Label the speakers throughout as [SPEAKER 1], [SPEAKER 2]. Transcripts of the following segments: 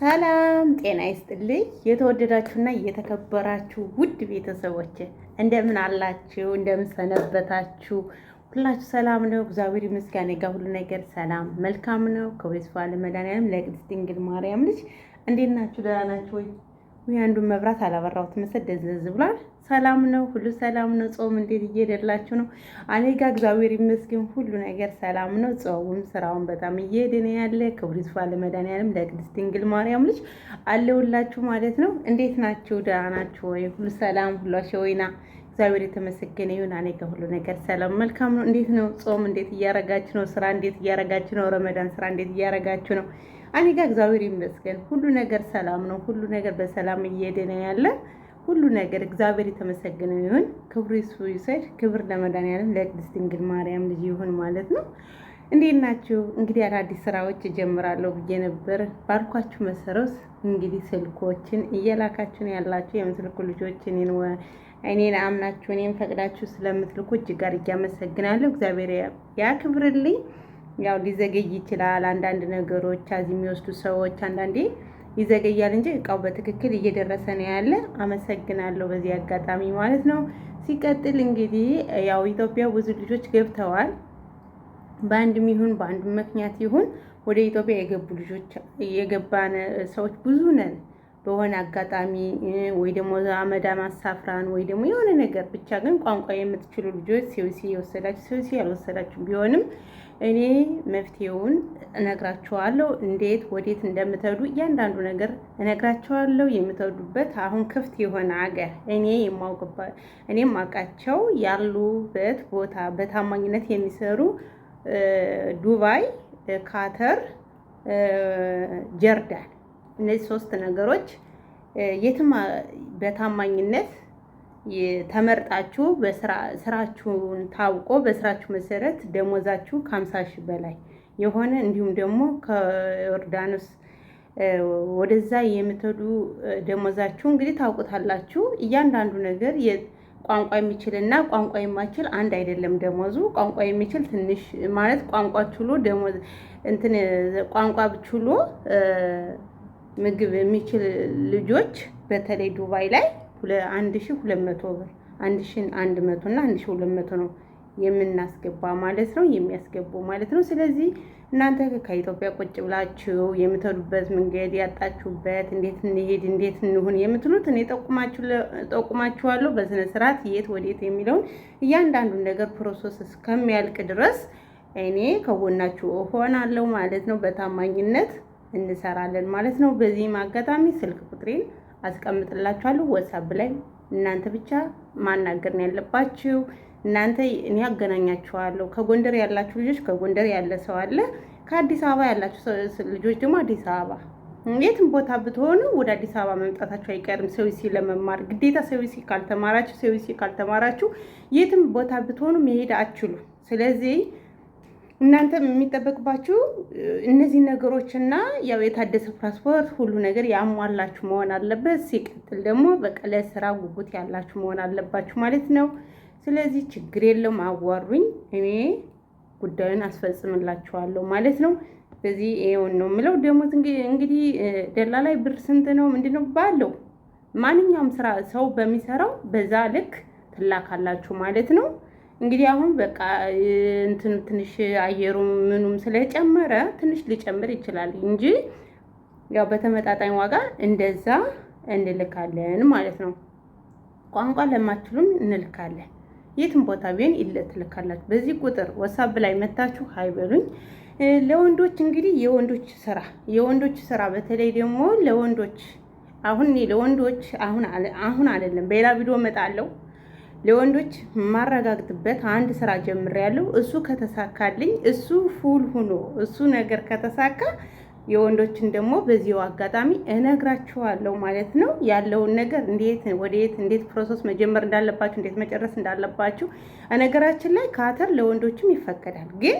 [SPEAKER 1] ሰላም ጤና ይስጥልኝ። የተወደዳችሁና የተከበራችሁ ውድ ቤተሰቦች እንደምን አላችሁ? እንደምን ሰነበታችሁ? ሁላችሁ ሰላም ነው? እግዚአብሔር ይመስገን ጋር ሁሉ ነገር ሰላም መልካም ነው። ከወይስ ባለ መድኃኒዓለም ለቅድስት ድንግል ማርያም ልጅ እንዴት ናችሁ? ደህና ናችሁ ወይ? ወይ አንዱን መብራት አላበራሁት መሰል ደዝዝ ብሏል። ሰላም ነው፣ ሁሉ ሰላም ነው። ጾም እንዴት እየሄደላችሁ ነው? እኔ ጋ እግዚአብሔር ይመስገን ሁሉ ነገር ሰላም ነው። ጾሙም ስራውን በጣም እየሄደ ነው ያለ። ክብር ይስፋ ለመድኃኒዓለም ለቅድስት ድንግል ማርያም ልጅ አለውላችሁ ማለት ነው። እንዴት ናችሁ? ደህና ናችሁ ወይ? ሁሉ ሰላም ሁሉ ሸወይና እግዚአብሔር የተመሰገነ ይሁን። እኔ ጋ ሁሉ ነገር ሰላም መልካም ነው። እንዴት ነው ጾም? እንዴት እያረጋችሁ ነው? ስራ እንዴት እያረጋችሁ ነው? ረመዳን ስራ እንዴት እያረጋችሁ ነው? እኔ ጋር እግዚአብሔር ይመስገን ሁሉ ነገር ሰላም ነው። ሁሉ ነገር በሰላም እየሄደ ነው ያለ ሁሉ ነገር እግዚአብሔር የተመሰገነ ይሁን። ክብሩ ይስፉ ይሰድ ክብር ለመድኃኒዓለም ለቅድስት ድንግል ማርያም ልጅ ይሁን ማለት ነው። እንዴት ናችሁ? እንግዲህ አዳዲስ ስራዎች እጀምራለሁ ብዬ ነበር። ባልኳችሁ መሰረት እንግዲህ ስልኮችን እየላካችሁን ያላችሁ የምትልኩ ልጆች እኔን አምናችሁ እኔን ፈቅዳችሁ ስለምትልኩ እጅግ ጋር እያመሰግናለሁ። እግዚአብሔር ያክብርልኝ። ያው ሊዘገይ ይችላል። አንዳንድ ነገሮች አዚ የሚወስዱ ሰዎች አንዳንዴ ይዘገያል እንጂ እቃው በትክክል እየደረሰ ነው ያለ። አመሰግናለሁ በዚህ አጋጣሚ ማለት ነው። ሲቀጥል እንግዲህ ያው ኢትዮጵያ ብዙ ልጆች ገብተዋል። በአንድም ይሁን በአንድ ምክንያት ይሁን ወደ ኢትዮጵያ የገቡ ልጆች የገባን ሰዎች ብዙ ነን። በሆነ አጋጣሚ ወይ ደግሞ አመዳም አሳፍራን ወይ ደግሞ የሆነ ነገር ብቻ ግን ቋንቋ የምትችሉ ልጆች ሲዩሲ የወሰዳችሁ ሲዩሲ ያልወሰዳችሁ ቢሆንም እኔ መፍትሄውን እነግራችኋለሁ። እንዴት ወዴት እንደምትሄዱ እያንዳንዱ ነገር እነግራችኋለሁ። የምትሄዱበት አሁን ክፍት የሆነ አገር እኔ የማውቅበት እኔ የማውቃቸው ያሉበት ቦታ በታማኝነት የሚሰሩ ዱባይ፣ ካተር፣ ጀርዳን እነዚህ ሶስት ነገሮች የትም በታማኝነት ተመርጣችሁ ስራችሁን ታውቆ በስራችሁ መሰረት ደሞዛችሁ ከሀምሳ ሺህ በላይ የሆነ እንዲሁም ደግሞ ከዮርዳኖስ ወደዛ የምትሄዱ ደሞዛችሁ እንግዲህ ታውቁታላችሁ። እያንዳንዱ ነገር ቋንቋ የሚችል እና ቋንቋ የማይችል አንድ አይደለም ደሞዙ። ቋንቋ የሚችል ትንሽ ማለት ቋንቋ ችሎ ደሞዝ እንትን ቋንቋ ችሎ ምግብ የሚችል ልጆች በተለይ ዱባይ ላይ አንድ ሺ ሁለት መቶ ብር አንድ ሺ አንድ መቶ እና አንድ ሺ ሁለት መቶ ነው የምናስገባ ማለት ነው የሚያስገቡ ማለት ነው። ስለዚህ እናንተ ከኢትዮጵያ ቁጭ ብላችሁ የምትሄዱበት መንገድ ያጣችሁበት እንዴት እንሄድ እንዴት እንሁን የምትሉት እኔ ጠቁማችኋለሁ በስነ ስርዓት የት ወዴት የሚለውን እያንዳንዱን ነገር ፕሮሰስ እስከሚያልቅ ድረስ እኔ ከጎናችሁ እሆናለሁ ማለት ነው። በታማኝነት እንሰራለን ማለት ነው። በዚህም አጋጣሚ ስልክ ቁጥሬን አስቀምጥላችኋለሁ። ወሳብ ላይ እናንተ ብቻ ማናገር ነው ያለባችሁ። እናንተ እኔ አገናኛችኋለሁ። ከጎንደር ያላችሁ ልጆች ከጎንደር ያለ ሰው አለ። ከአዲስ አበባ ያላችሁ ልጆች ደግሞ አዲስ አበባ የትም ቦታ ብትሆኑ ወደ አዲስ አበባ መምጣታችሁ አይቀርም። ሰዊሲ ለመማር ግዴታ ሰዊሲ ካልተማራችሁ ሰዊሲ ካልተማራችሁ የትም ቦታ ብትሆኑ መሄድ አትችሉ። ስለዚህ እናንተም የሚጠበቅባችሁ እነዚህ ነገሮችና ያው የታደሰ ፓስፖርት ሁሉ ነገር ያሟላችሁ መሆን አለበት። ሲቀጥል ደግሞ በቀለ ስራ ጉጉት ያላችሁ መሆን አለባችሁ ማለት ነው። ስለዚህ ችግር የለውም፣ አዋሩኝ፣ እኔ ጉዳዩን አስፈጽምላችኋለሁ ማለት ነው። በዚህ ይሄውን ነው የምለው። ደሞዝ እንግዲህ ደላ ላይ ብር ስንት ነው ምንድን ነው ባለው ማንኛውም ስራ ሰው በሚሰራው በዛ ልክ ትላካላችሁ ማለት ነው። እንግዲህ አሁን በቃ እንትን ትንሽ አየሩ ምኑም ስለጨመረ ትንሽ ሊጨምር ይችላል እንጂ ያው በተመጣጣኝ ዋጋ እንደዛ እንልካለን ማለት ነው። ቋንቋ ለማትችሉም እንልካለን። የትም ቦታ ቢሆን ትልካላችሁ። በዚህ ቁጥር ወሳብ ላይ መታችሁ አይበሉኝ። ለወንዶች እንግዲህ የወንዶች ስራ የወንዶች ስራ በተለይ ደግሞ ለወንዶች አሁን ለወንዶች አሁን አሁን አይደለም በሌላ ቪዲዮ እመጣለሁ። ለወንዶች ማረጋግጥበት አንድ ስራ ጀምሬያለሁ። እሱ ከተሳካልኝ እሱ ፉል ሁኖ እሱ ነገር ከተሳካ የወንዶችን ደግሞ በዚሁ አጋጣሚ እነግራችኋለሁ ማለት ነው። ያለውን ነገር እንዴት ወደየት እንዴት ፕሮሰስ መጀመር እንዳለባችሁ እንዴት መጨረስ እንዳለባችሁ። ነገራችን ላይ ካተር ለወንዶችም ይፈቀዳል ግን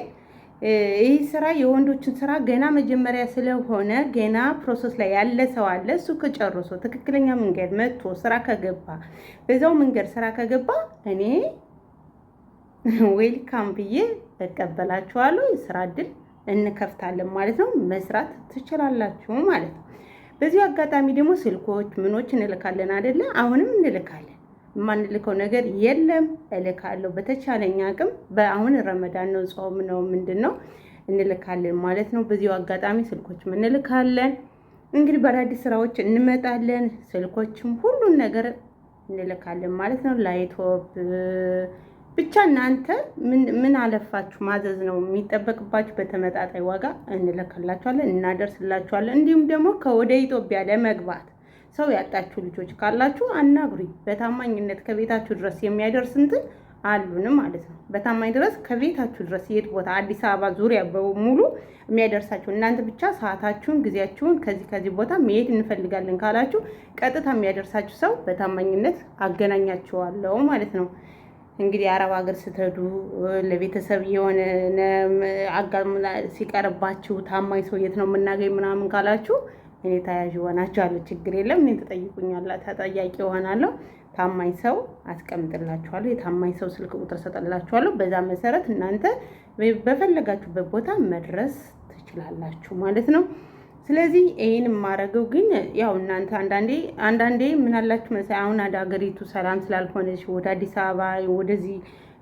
[SPEAKER 1] ይህ ስራ የወንዶችን ስራ ገና መጀመሪያ ስለሆነ ገና ፕሮሰስ ላይ ያለ ሰው አለ። እሱ ከጨርሶ ትክክለኛ መንገድ መጥቶ ስራ ከገባ በዛው መንገድ ስራ ከገባ እኔ ዌልካም ብዬ እቀበላችኋለሁ። የስራ እድል እንከፍታለን ማለት ነው። መስራት ትችላላችሁ ማለት ነው። በዚህ አጋጣሚ ደግሞ ስልኮች ምኖች እንልካለን አይደለ? አሁንም እንልካለን የማንልከው ነገር የለም። እልካለሁ በተቻለኝ አቅም። በአሁን ረመዳን ነው፣ ጾም ነው፣ ምንድን ነው እንልካለን ማለት ነው። በዚሁ አጋጣሚ ስልኮችም እንልካለን። እንግዲህ በአዳዲስ ስራዎች እንመጣለን። ስልኮችም ሁሉን ነገር እንልካለን ማለት ነው። ላይቶፕ ብቻ እናንተ ምን አለፋችሁ ማዘዝ ነው የሚጠበቅባችሁ። በተመጣጣኝ ዋጋ እንልክላችኋለን፣ እናደርስላችኋለን። እንዲሁም ደግሞ ከወደ ኢትዮጵያ ለመግባት ሰው ያጣችሁ ልጆች ካላችሁ አናግሩኝ። በታማኝነት ከቤታችሁ ድረስ የሚያደርስ እንትን አሉንም ማለት ነው። በታማኝ ድረስ ከቤታችሁ ድረስ የት ቦታ አዲስ አበባ ዙሪያ በሙሉ የሚያደርሳችሁ እናንተ ብቻ ሰዓታችሁን፣ ጊዜያችሁን ከዚህ ከዚህ ቦታ መሄድ እንፈልጋለን ካላችሁ ቀጥታ የሚያደርሳችሁ ሰው በታማኝነት አገናኛችኋለሁ ማለት ነው። እንግዲህ አረብ ሀገር ስትሄዱ ለቤተሰብ የሆነ አጋ ሲቀርባችሁ ታማኝ ሰው የት ነው የምናገኝ ምናምን ካላችሁ እኔ ተያዥ እሆናችኋለሁ። ችግር የለም። እኔ ተጠይቁኛላ ተጠያቂ ሆናለሁ። ታማኝ ሰው አስቀምጥላችኋለሁ። የታማኝ ሰው ስልክ ቁጥር ሰጠላችኋለሁ። በዛ መሰረት እናንተ በፈለጋችሁበት ቦታ መድረስ ትችላላችሁ ማለት ነው። ስለዚህ ይህን የማደርገው ግን ያው እናንተ አንዳንዴ አንዳንዴ ምን አላችሁ አሁን አደ ሀገሪቱ ሰላም ስላልሆነች ወደ አዲስ አበባ ወደዚህ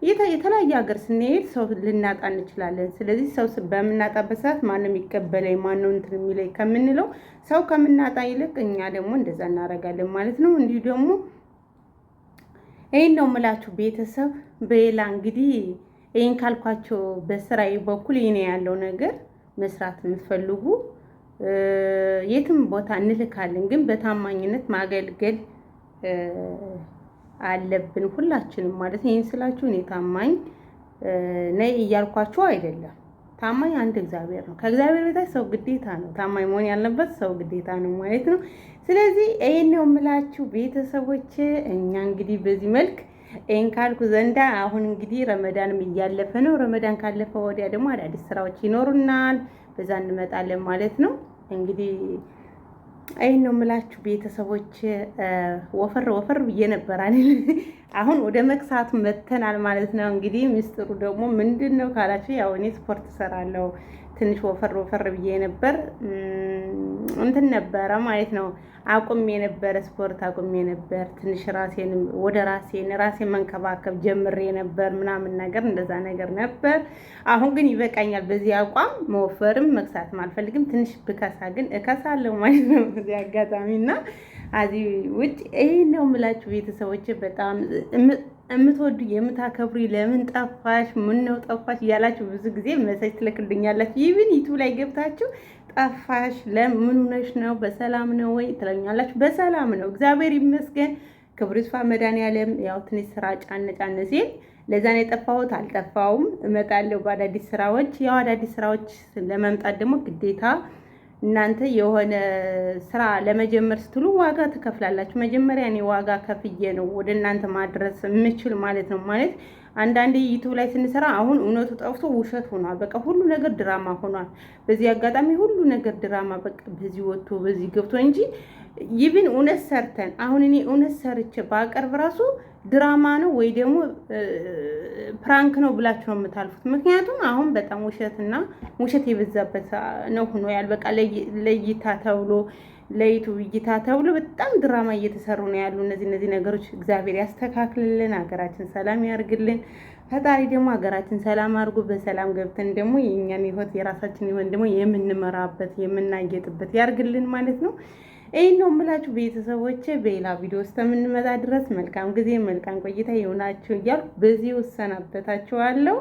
[SPEAKER 1] የተለያየ ሀገር ስንሄድ ሰው ልናጣ እንችላለን። ስለዚህ ሰው በምናጣበት ሰዓት ማንም ይቀበለኝ ማነው እንትን የሚለኝ ከምንለው ሰው ከምናጣ ይልቅ እኛ ደግሞ እንደዛ እናደርጋለን ማለት ነው። እንዲሁ ደግሞ ይህን ነው የምላችሁ ቤተሰብ። በሌላ እንግዲህ ይህን ካልኳቸው በስራዬ በኩል ይህ ያለው ነገር መስራት የምትፈልጉ የትም ቦታ እንልካለን፣ ግን በታማኝነት ማገልገል አለብን ሁላችንም ማለት ነው። ይህን ስላችሁ እኔ ታማኝ ነይ እያልኳችሁ አይደለም። ታማኝ አንድ እግዚአብሔር ነው። ከእግዚአብሔር በታች ሰው ግዴታ ነው። ታማኝ መሆን ያለበት ሰው ግዴታ ነው ማለት ነው። ስለዚህ ይህን ነው የምላችሁ ቤተሰቦች። እኛ እንግዲህ በዚህ መልክ ይህን ካልኩ ዘንዳ አሁን እንግዲህ ረመዳንም እያለፈ ነው። ረመዳን ካለፈ ወዲያ ደግሞ አዳዲስ ስራዎች ይኖሩናል። በዛ እንመጣለን ማለት ነው። እንግዲህ ይህን ነው የምላችሁ ቤተሰቦች። ወፈር ወፈር ብዬ ነበር አሁን ወደ መክሳቱ መተናል ማለት ነው። እንግዲህ ሚስጥሩ ደግሞ ምንድን ነው ካላችሁ ያው እኔ ስፖርት እሰራለሁ ትንሽ ወፈር ወፈር ብዬ ነበር እንትን ነበረ ማለት ነው። አቁም የነበረ ስፖርት አቁም የነበር ትንሽ ራሴን ወደ ራሴን ራሴን መንከባከብ ጀምሬ ነበር ምናምን ነገር እንደዛ ነገር ነበር። አሁን ግን ይበቃኛል። በዚህ አቋም መወፈርም መክሳትም አልፈልግም። ትንሽ ብከሳ ግን እከሳለሁ ማለት ነው በዚህ አጋጣሚ እና አዚ ውጭ ይህ ነው የምላችሁ ቤተሰቦች በጣም የምትወዱ የምታከብሩ ለምን ጠፋሽ፣ ምነው ጠፋሽ እያላችሁ ብዙ ጊዜ መሳጅ ትልክልኛላችሁ። ይህን ዩቱብ ላይ ገብታችሁ ጠፋሽ ለምን ሆነሽ ነው በሰላም ነው ወይ ትለኛላችሁ። በሰላም ነው እግዚአብሔር ይመስገን። ክብሩ ይስፋ መድኃኒዓለም። ያው ትንሽ ስራ ጫነ ጫነ ሲል ለዛ ነው የጠፋሁት። አልጠፋውም፣ እመጣለሁ በአዳዲስ ስራዎች። ያው አዳዲስ ስራዎች ለመምጣት ደግሞ ግዴታ እናንተ የሆነ ስራ ለመጀመር ስትሉ ዋጋ ትከፍላላችሁ። መጀመሪያ እኔ ዋጋ ከፍዬ ነው ወደ እናንተ ማድረስ የምችል ማለት ነው ማለት አንዳንዴ ዩቱብ ላይ ስንሰራ አሁን እውነቱ ጠፍቶ ውሸት ሆኗል። በቃ ሁሉ ነገር ድራማ ሆኗል። በዚህ አጋጣሚ ሁሉ ነገር ድራማ በቃ በዚህ ወጥቶ በዚህ ገብቶ እንጂ ይብን እውነት ሰርተን አሁን እኔ እውነት ሰርቼ በአቀርብ ራሱ ድራማ ነው ወይ ደግሞ ፕራንክ ነው ብላችሁ ነው የምታልፉት። ምክንያቱም አሁን በጣም ውሸትና ውሸት የበዛበት ነው ሆኖ ያል በቃ ለይታ ተብሎ ለዩቱብ እይታ ተብሎ በጣም ድራማ እየተሰሩ ነው ያሉ። እነዚህ እነዚህ ነገሮች እግዚአብሔር ያስተካክልልን፣ ሀገራችን ሰላም ያርግልን። ፈጣሪ ደግሞ ሀገራችን ሰላም አድርጎ በሰላም ገብተን ደግሞ የእኛን ህይወት የራሳችን ይሆን ደግሞ የምንመራበት የምናጌጥበት ያርግልን ማለት ነው። ይህን ነው የምላችሁ ቤተሰቦች። በሌላ ቪዲዮ ውስጥ የምንመጣ ድረስ መልካም ጊዜ መልካም ቆይታ ይሆናችሁ እያልኩ በዚህ ወሰናበታችኋለሁ።